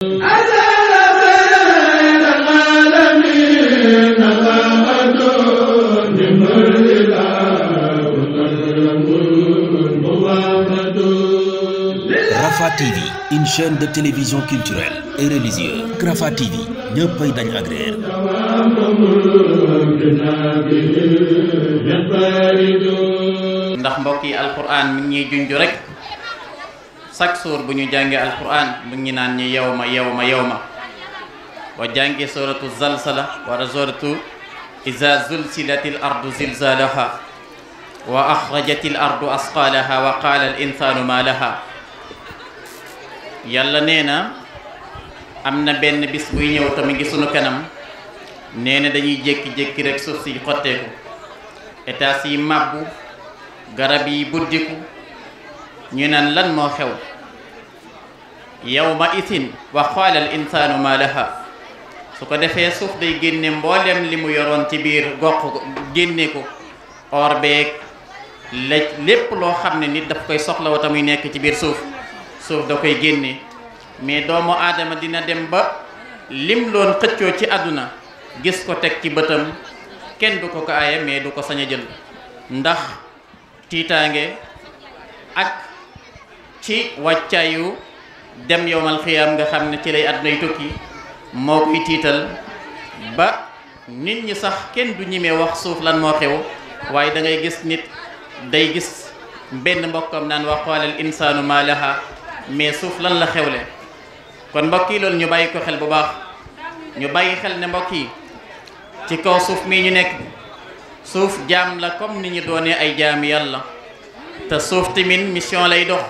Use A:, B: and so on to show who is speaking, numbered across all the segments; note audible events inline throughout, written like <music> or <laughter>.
A: Rafah
B: TV une chaîne de télévision culturelle et religieuse Rafah TV ñëpp dañ agréer ndax mbokk yi alquran mi ñuy chaque jour bu ñu jàngee alquran mu ngi naan ñu yow ma yow ma yow ma boo jàngee suratu zalzala wala suratu iza zulzilatil ardu zilzalaha wa axrajatil ardu asqalaha wa qaala al insanu ma laha yàlla nee na am na benn bis buy ñëw tamit ngi sunu kanam nee na dañuy jékki-jékki rek suuf si xotteeku étage yi màbbu garab yi buddiku ñu naan lan moo xew yow ma wa qaala al insaanu ma laha su ko defee suuf day génne mbooleem li mu yoroon ci biir goq génne ko or beeg laj lépp loo xam ne nit daf koy soxla wata muy nekk ci biir suuf suuf da koy génne mais doomu aadama dina dem ba lim loon xëccoo ci àdduna gis ko teg ci bëtam kenn du ko ko aaye mais du ko sañ a jël ndax tiitaange ak ci wàccaayu dem yowmal xiyaam nga xam ne ci lay àddunay tukki moo koy tiital ba nit ñi sax kenn du ñimee wax suuf lan moo xew waaye dangay gis nit day gis benn mbokkam naan wax xoolal insaanu maa laha mais suuf lan la xewle kon mbokk yi loolu ñu bàyyi ko xel bu baax ñu bàyyi xel ne mbokk yi ci kaw suuf mii ñu nekk suuf jaam la comme ni ñu doonee ay jaami yàlla te suuf tamit mission lay dox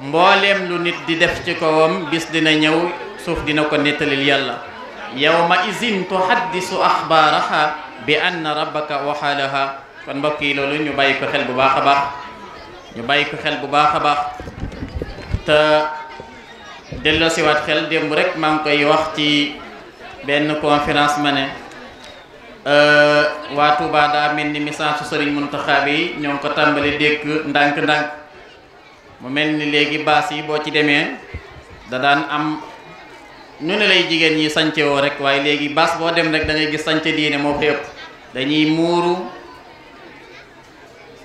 B: mbooleem lu nit di def ci kawam bis dina ñëw suuf dina ko nettalil yàlla yow ma yawma izin tuhaddisu axbaaraha bi anna rabbaka waxaalaha kon mbokk yi loolu ñu bàyyi ko xel bu baax a baax ñu bàyyi ko xel bu baax a baax te delloo siwaat xel démb rek maa ngi koy wax ci benn conférence ma ne euh, waa Touba daa mel ni message su Sëriñ Muntaxa ñoo ngi ko tàmbali dégg ndànk-ndànk mu mel ni léegi baas yi boo ci demee da daan am ñu ne lay jigéen ñi sañce woo rek waaye léegi baas boo dem rek da ngay gis sañce diine moo fa yëpp dañuy muuru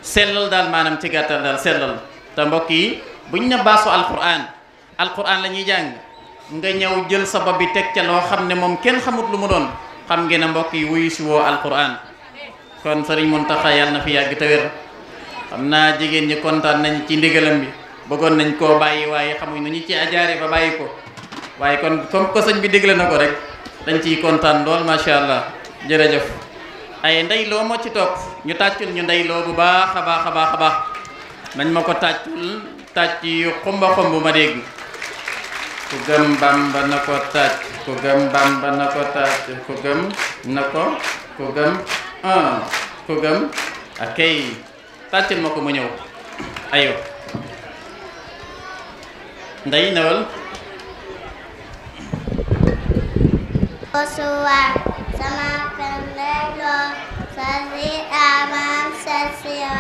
B: sellal daal maanaam ci gàttal daal sellal te mbokk yi buñ ne baasu alquran alquran la ñuy jàng nga ñëw jël sa bopp bi teg ca loo xam ne moom kenn xamut lu mu doon xam ngeen ne mbokk yi wuyu si woo alquran kon sëriñ Muntaxa yàlla na fi yàgg te xam naa jigéen ñi kontaan nañ ci ndigalam bi bëggoon nañ koo bàyyi waaye xamuñ nu ñu ci ajaare ba bàyyi ko waaye kon comme ko sëñ bi dégle na ko rek dañ ciy kontaan lool macha allah jërëjëf. ay ndeyloo moo ci toog ñu tàccul ñu ndeyloo bu baax a baax a baax nañ ma ko tàccul tàcc yu xumba xumb ma dégg. ku gëm bamba na ko tàcc ku gëm bamba na ko tàcc ku gëm na ko ku gëm ku gëm akay tàccal ma ko mu ñëw ayo nday nawal
A: osuwa sama kandelo sasi aman sasio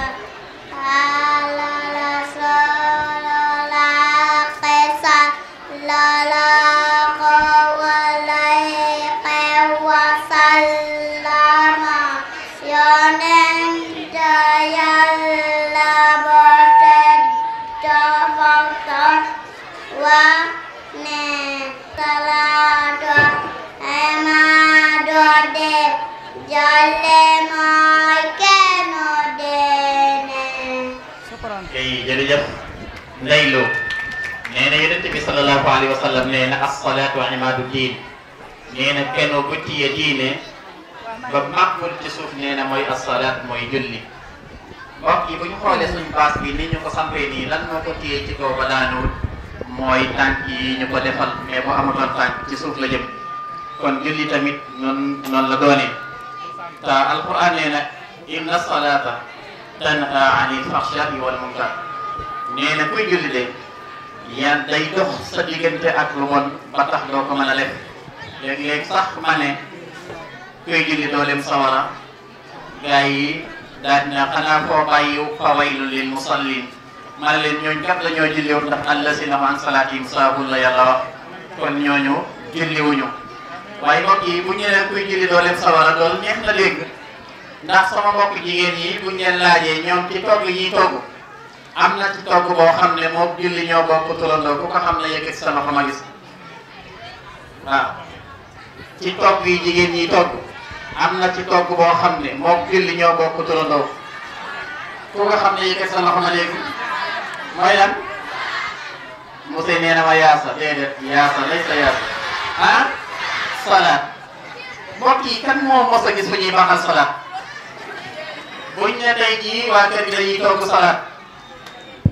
B: layloo nee na yonent bi sallallahu alayhi wa sallam nee na assalaatu imaadu diin nee na kenn ku tiye diine ba màggul ci suuf nee na mooy assalaat mooy julli mbokk yi bu ñu xoolee suñu baas bi ni ñu ko sampee nii lan moo ko téye ci ko ba daanul mooy tànk yi ñu ko defal mais bu amatoon tànk ci suuf la jëm kon julli tamit noonu noonu la doonee te alquran nee na inna salaata tanha anil faxshaai wal munkar nee na kuy julli de yaa day dox sa diggante ak lu bon ba tax doo ko mën a def léeg-léeg sax ma ne kuy julli dooleem sawara gars yi daal na xanaa koo bàyyi fa waylu musallin ma leen ñooñu kat dañoo julliwul ndax allasina an salaatihim saahun la yàlla wax kon ñooñu julliwuñu waaye mbokk yi bu ñu nee kuy julli dooleem sawara loolu neex na dégg ndax sama mbokk jigéen yi bu ñu leen laajee ñoom ci togg yi togg am na ci togg boo xam ne moom julli ñoo bokk tulandoo ku ko xam ne yëkkati sa loxo ma gis waaw ci togg yi jigéen ñi togg am na ci togg boo xam ne moo julli ñoo bokk tulandoo ku ko xam ne yëkkati sa loxo mooy lan Moussa nee na ma yaasa déedéet yaasa lay sa yaasa ah salaat mbokk yi kan moo mos a gis fu ñuy baaxal salaat buñ ne tey jii waa kër gi dañuy togg salaat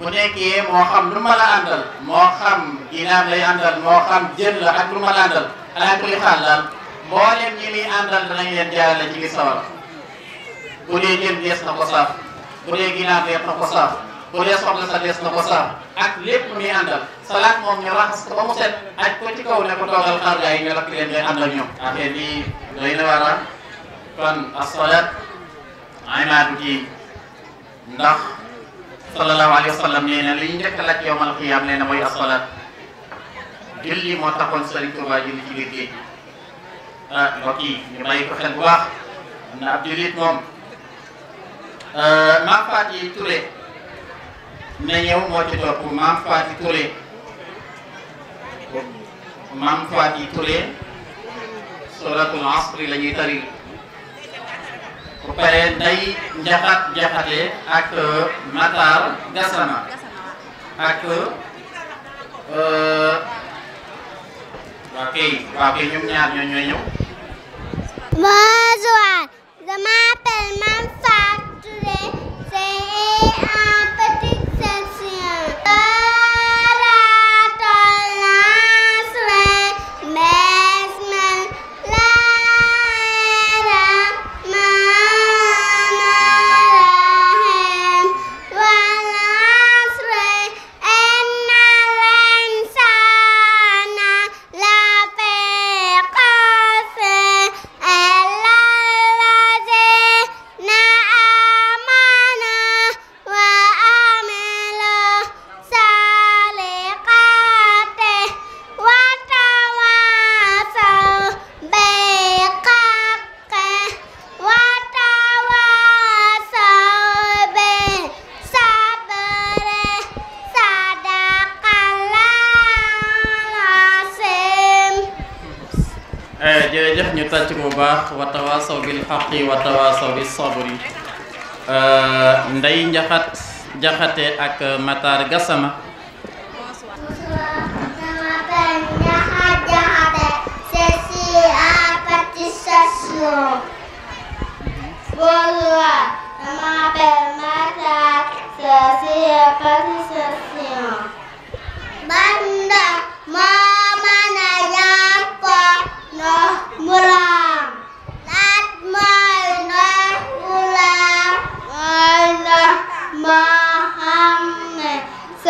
B: bu nekkee moo xam lu ma la àndal moo xam ginaar lay àndal moo xam jën la ak lu ma la àndal ala kulli xaal daal mboolem ñi muy àndal danañ leen jaarale ci biir sawar bu dee dees na ko saaf bu dee ginaar dees na ko saaf bu sa dees na ko saaf ak lépp muy àndal salaat moom ñu raxas ko mu set aj ko ci kaw ne ko toogal xaar gaa yi ñu lakk leen ngay àndal ñoom affaire bi doy na wara ah. kon asalaat imaadu kii ndax sallallahu alayhi wa sallam nee na li ñu njëkk a laaj yowmal xiyaam nee na mooy asalaat julli moo taxoon Sëriñ Tuubaa julli ci biir géej ah mbokk yi ñu bàyyi ko xel bu baax am na ab jullit moom ah, maam Faati Touré na ñëw moo ci topp maam Faati Touré maam Faati Touré suratul asri la ñuy tari bu paree day njaxat njaxate ak Matar Gassama ak eh, waa kay waa ñaar ñoo ñooy ñëw.
A: Bonsoir, je m'appelle Mame Fatou Touré, c'est ah.
B: sabri nday njaxat jaxate ak Matar Gassama
A: Bonjour, je m'appelle Matar, ceci est participation. Banda, moi.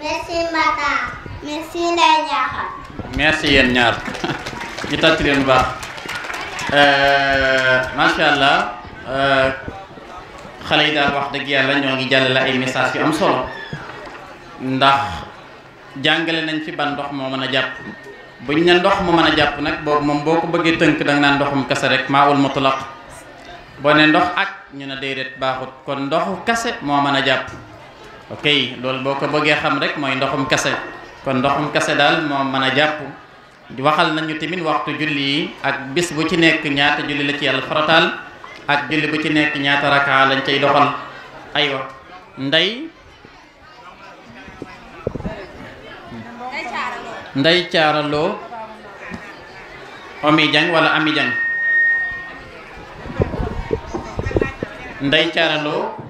A: merci madame. merci Ndeye Ndiakhate.
B: merci yéen ñaar <laughs> ñu tàcc leen bu baax euh, macha allah euh, xale yi daal wax dëgg yàlla ñoo ngi jàllale ay message yu am solo ndax jàngale nañ fi ban ndox moo mën a jàpp. ñu ne ndox mu mën a jàpp nag boobu moom boo ko bëggee tënk danga naan ndoxum kase rek maawul la boo ne ndox ak ñu ne déedéet baaxut kon ndoxu kase moo mën a jàpp. ok lool boo ko bëggee xam rek mooy ndoxum kase kon ndoxum kase daal moo mën a jàpp waxal nañu tamit waxtu julli yi ak bis bu ci nekk ñaata julli la ci yàlla farataal ak julli bu ci nekk ñaata raka lañ cay doxal aywa nday nday caaraloo omi jang wala nday caaraloo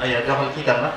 B: aywa doxal kii kan la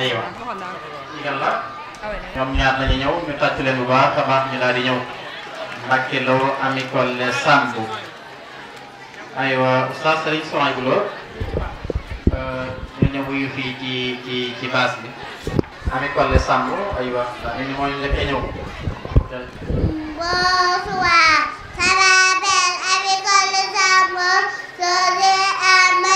B: aywa
A: ndigal
B: ñoom ñaar nañu ñëw ñu tàcc leen bu baax a baax ñu daal di ñëw Mbacke Lo Ami Collé Samb aywa oustaz Sëriñ Sohaybu Lo ñu ñëw yu fii ci ci ci base bi Ami Collé Samb aywa ni mooy njëkk a ñëw
A: bonsoir sarabel Ami Collé Samb soo ama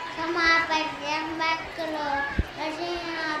A: Rama Padram Bakalo Rashina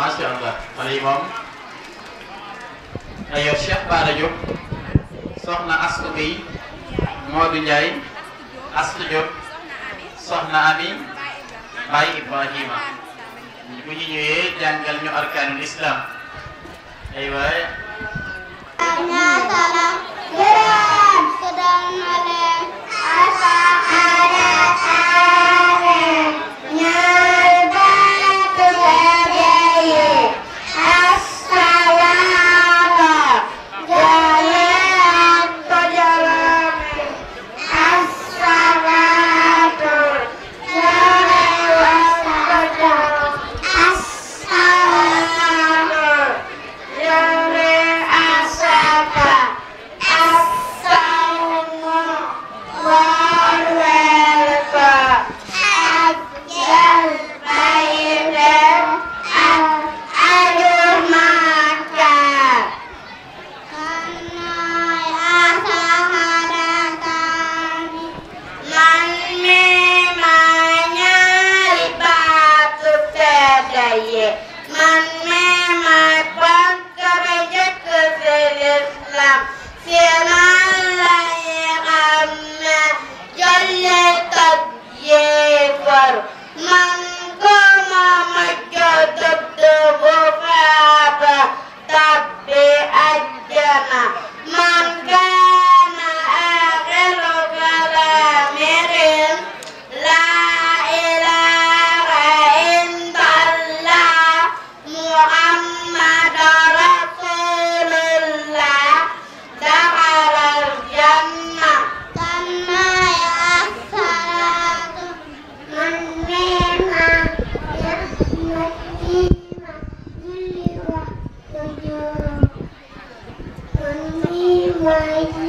B: macha allah xale yi moom ay yor Cheikh Bara Diop soxna Astu Gueye Modou Ndiaye Astu Diop soxna Ami Baye Ibrahima bu ñu ñëwee jàngal ñu arkaanul islam ay waaye
A: Yeah. าย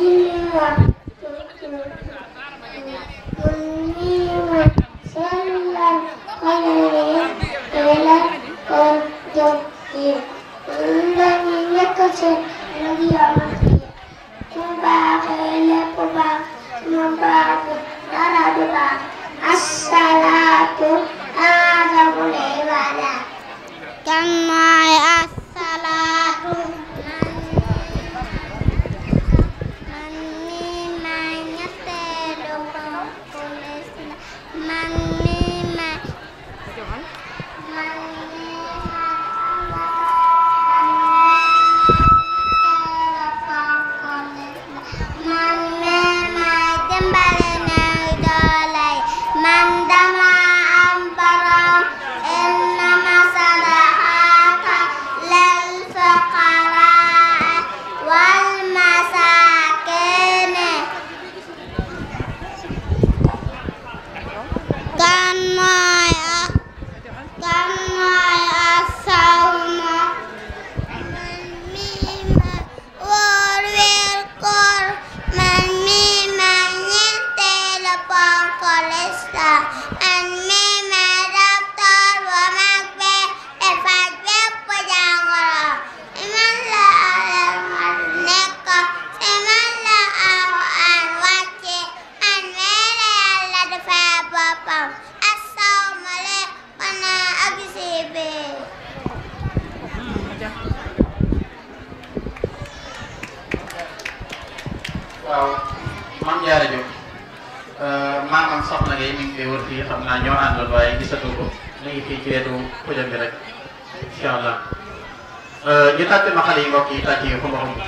B: leen ma xale yi mbokk yi tàcc yi xumba xumba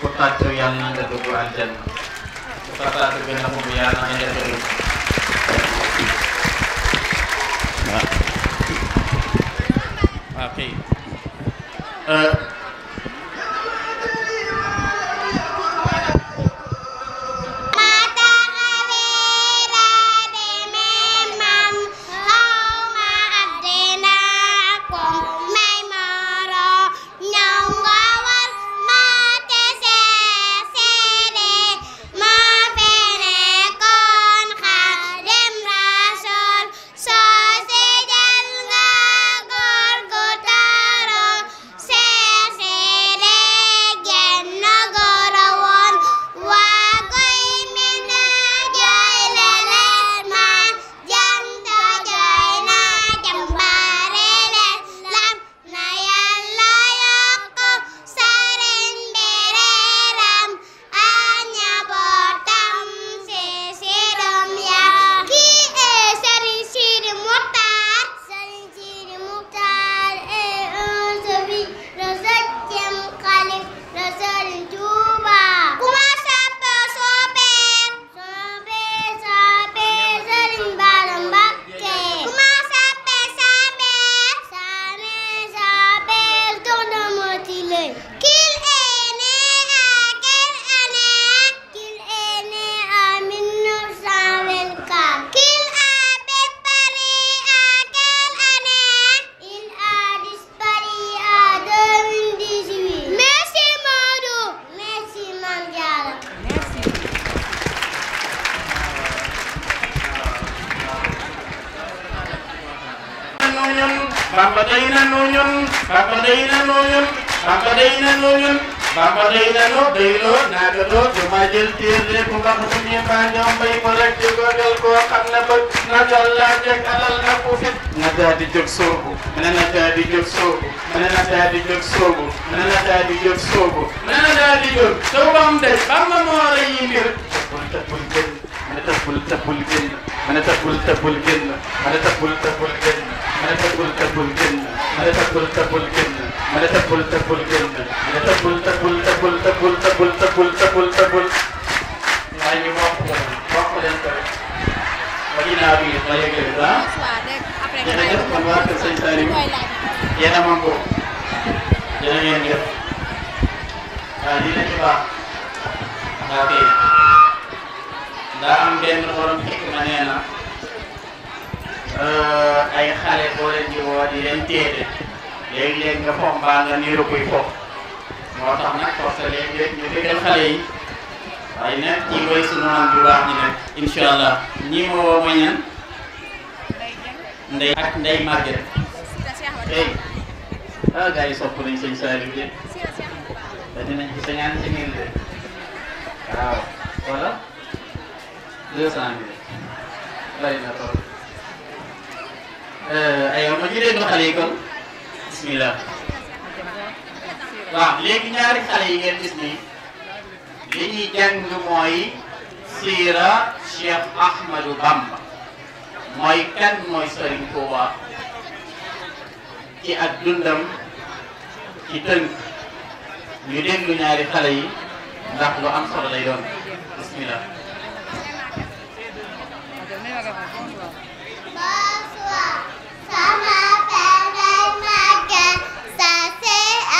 B: ku tàcc yàlla na nga dugg aljanna ku fa tàcc bi nga xumb yàlla na nga dugg waaw waaw kay nanoo yoon Bamba day nanoo yoon Bamba day nanoo dayloo naagaloo dama jël téer lépp mbax bu ñu mbaa ñoom may ma rek di gogal koo xam na bëgg nagal laa jeg alal na ku fit na daa di jóg soobu mën na daa di jóg soobu mën na daa di jóg soobu mën na daa di jóg soobu mën na daa di jóg soo bam des Bamba moo rey yi mbir ma ne tëbbul tëbbul génn ma ne tëbbul tëbbul génn ma ne tëbbul tëbbul génn ma ne tëbbul tëbbul génn ma ne tëbbul tëbbul génn ma ne tëbbul tëbbul génn ma ne tëbbul tëbbul tëbbul tëbbul tëbbul tëbbul tëbbul tëbbul naa ñu wax wax leen ko rek ba ginnaaw bi ma yëgee ah jërëjëf man waa Kër Sëñ Saliou yéen a mën ko jërë ngeen jëf waaw lii la ci baax waaw kay daa am benn borom xikma nee na euh, ay xale boo leen di woo di leen nga foog mbaa nga niiru kuy foog moo tax nag parce que léegi-léeg ñu dëggal xale yi waaye nag ñi koy sunu naan bu baax ñi nag incha allah ñi mooy ñan ndey ak ndey màgget tey ah gars yi sopp nañ sëñ Saliou de dinañ ci sañaan ci ngeen de waaw voilà deux cent mille na trop aywa ma ñu déglu xale yi kon bismillah waaw léegi ñaari xale yi ngeen gis nii li ñuy jàng mooy siira Cheikh Ahmadou Bamba mooy kan mooy Serigne Touba ci ak dundam ci tënk ñu déglu ñaari xale yi ndax lu am lay doon bismillah
A: Kama permet ma gain, ça c'est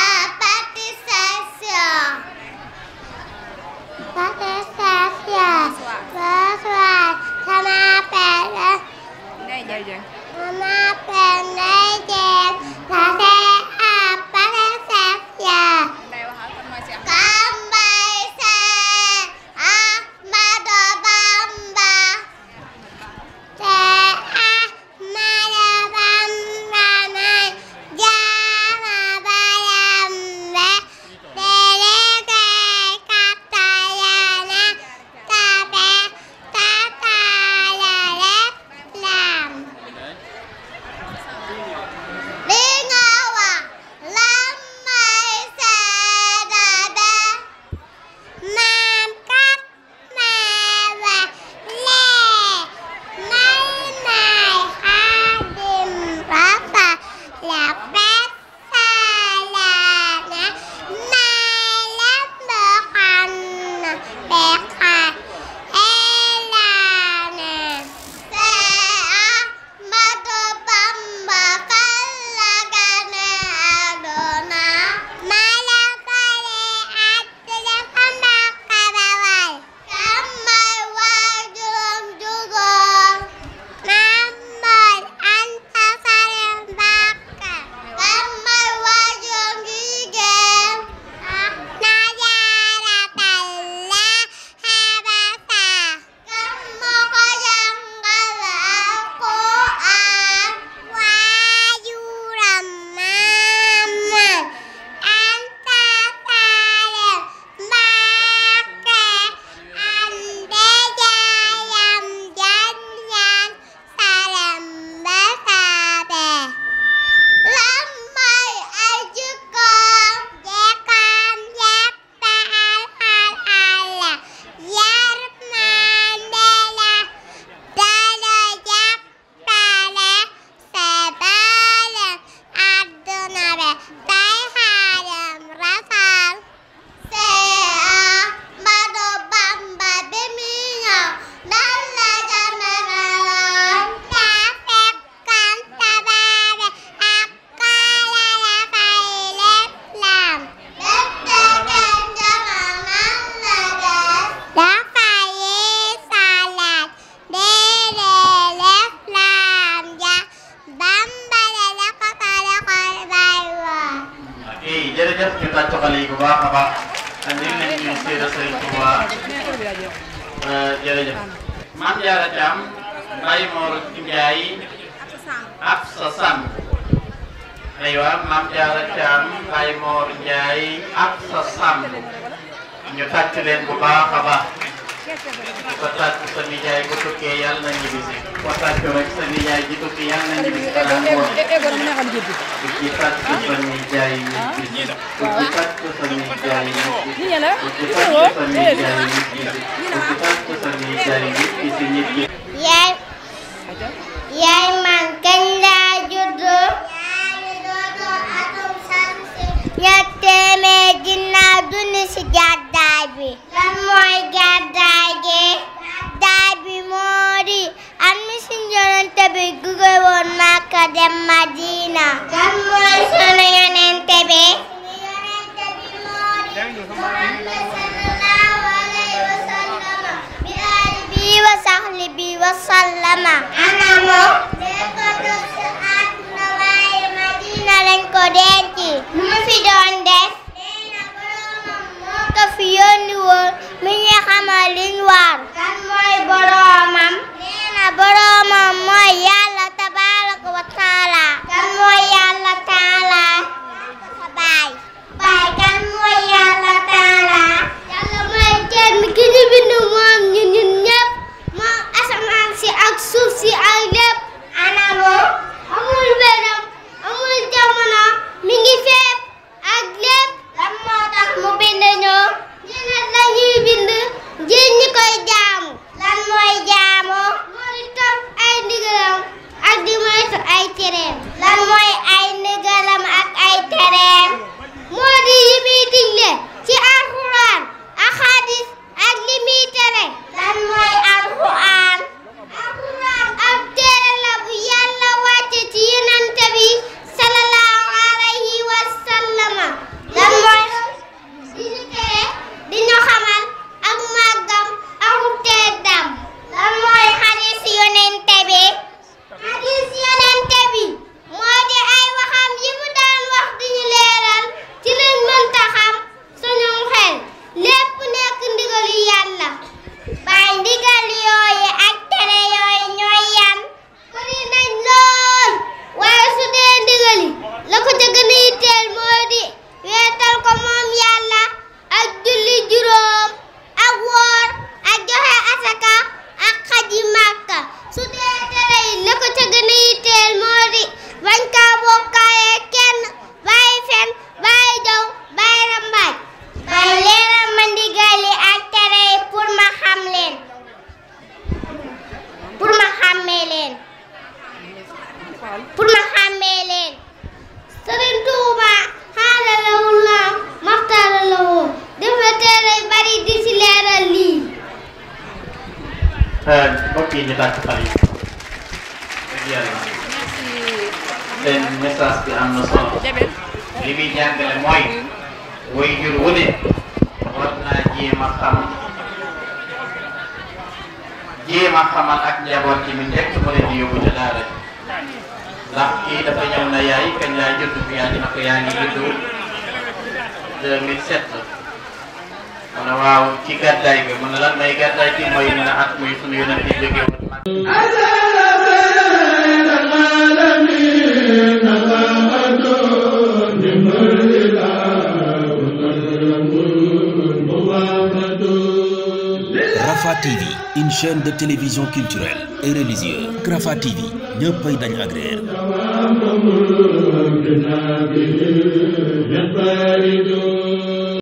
B: yi ak sa ñu tàcc leen bu baax a baax di ko tàcc sa nijaay bu tukkee yàlla na ñibbisi ko tàcc rek sa nijaay ji tukki yàlla na ñibbisi balaa ngoon ku ci ñibbisi ku ci tàcc sa ñibbisi ku ci tàcc sa ñibbisi ku ci tàcc sa nijaay ñibbisi
A: ñibbisi yaay ñett téeméer ginnaaw dund ci gàddaay bi lan am na ci yonente bi jóge woon Makka dem Madina lan mooy sunu yonente bi bi wa saxli bi wa sallama ana na lañ ko denc mu fi doon des nee na boroomam moo ko fi yónni woon mi ñu xamal liñ war kan
B: mooy boroomam
A: nee na boroomam mooy
B: mbokk yi ñu tàkk xal yi dëgg yàlla seen message bi am na solo li muy jàngale mooy way jur wu ne war xam jéem ak njaboot ci mi nekk mu leen di yóbbu ca daara kii dafa ñëw na yaay laa judd fi yaa dina ko yaa ngi judd 2007 ne waaw ci gàddaay bi mu ne lan may gàddaay ci mooy mu ne at muy sunu yonent yi jóge woon Rafah TV une chaîne de télévision culturelle et religieuse Rafah TV ñëppay dañ agréer